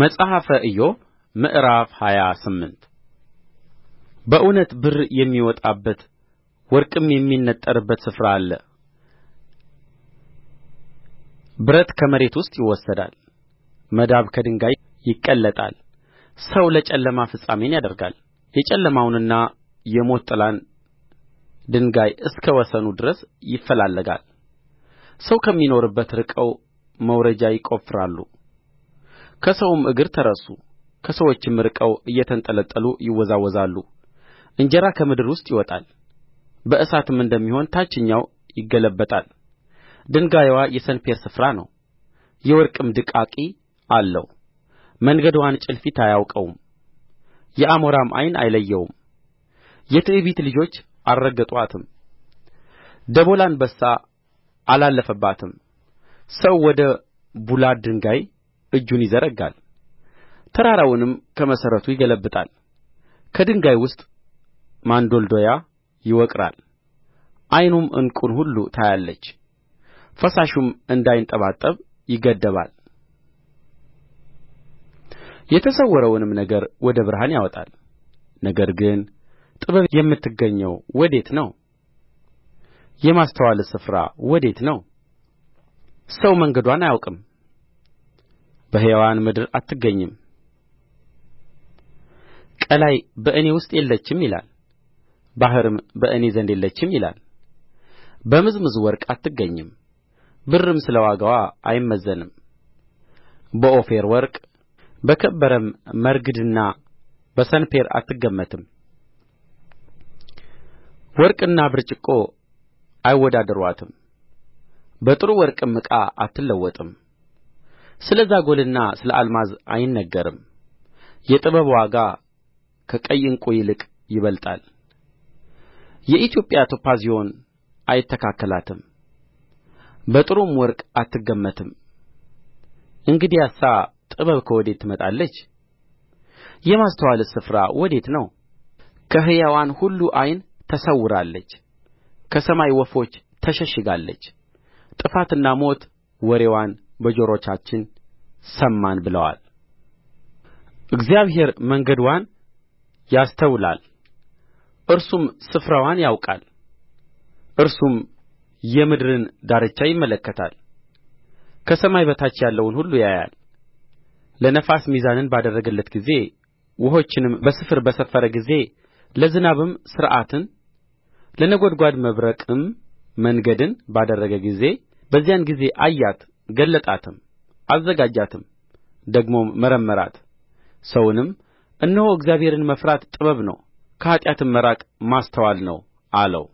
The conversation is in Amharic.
መጽሐፈ ኢዮብ ምዕራፍ ሃያ ስምንት በእውነት ብር የሚወጣበት ወርቅም የሚነጠርበት ስፍራ አለ። ብረት ከመሬት ውስጥ ይወሰዳል፣ መዳብ ከድንጋይ ይቀለጣል። ሰው ለጨለማ ፍጻሜን ያደርጋል፣ የጨለማውንና የሞት ጥላን ድንጋይ እስከ ወሰኑ ድረስ ይፈላለጋል። ሰው ከሚኖርበት ርቀው መውረጃ ይቈፍራሉ፣ ከሰውም እግር ተረሱ ከሰዎችም ርቀው እየተንጠለጠሉ ይወዛወዛሉ እንጀራ ከምድር ውስጥ ይወጣል በእሳትም እንደሚሆን ታችኛው ይገለበጣል ድንጋይዋ የሰንፔር ስፍራ ነው የወርቅም ድቃቂ አለው መንገድዋን ጭልፊት አያውቀውም የአሞራም ዓይን አይለየውም የትዕቢት ልጆች አልረገጡአትም ደቦል አንበሳ አላለፈባትም ሰው ወደ ቡላድ ድንጋይ እጁን ይዘረጋል ተራራውንም ከመሠረቱ ይገለብጣል ከድንጋይ ውስጥ ማንዶልዶያ ይወቅራል ዓይኑም ዕንቍን ሁሉ ታያለች ፈሳሹም እንዳይንጠባጠብ ይገድባል የተሰወረውንም ነገር ወደ ብርሃን ያወጣል ነገር ግን ጥበብ የምትገኘው ወዴት ነው የማስተዋልስ ስፍራ ወዴት ነው ሰው መንገድዋን አያውቅም በሕያዋን ምድር አትገኝም ቀላይ በእኔ ውስጥ የለችም ይላል ባሕርም በእኔ ዘንድ የለችም ይላል በምዝምዝ ወርቅ አትገኝም ብርም ስለ ዋጋዋ አይመዘንም በኦፊር ወርቅ በከበረም መረግድና በሰንፔር አትገመትም ወርቅና ብርጭቆ አይወዳደሩአትም በጥሩ ወርቅም ዕቃ አትለወጥም ስለ ዛጐልና ስለ አልማዝ አይነገርም የጥበብ ዋጋ ከቀይ ዕንቍ ይልቅ ይበልጣል የኢትዮጵያ ቶጳዝዮን አይተካከላትም በጥሩም ወርቅ አትገመትም እንግዲያሳ ጥበብ ከወዴት ትመጣለች የማስተዋልስ ስፍራ ወዴት ነው ከሕያዋን ሁሉ ዓይን ተሰውራለች ከሰማይ ወፎች ተሸሽጋለች ጥፋትና ሞት ወሬዋን በጆሮቻችን ሰማን ብለዋል እግዚአብሔር መንገድዋን ያስተውላል እርሱም ስፍራዋን ያውቃል እርሱም የምድርን ዳርቻ ይመለከታል ከሰማይ በታች ያለውን ሁሉ ያያል ለነፋስ ሚዛንን ባደረገለት ጊዜ ውኆችንም በስፍር በሰፈረ ጊዜ ለዝናብም ሥርዓትን ለነጐድጓድ መብረቅም መንገድን ባደረገ ጊዜ በዚያን ጊዜ አያት ገለጣትም አዘጋጃትም ደግሞም መረመራት ሰውንም እነሆ እግዚአብሔርን መፍራት ጥበብ ነው ከኃጢአትም መራቅ ማስተዋል ነው አለው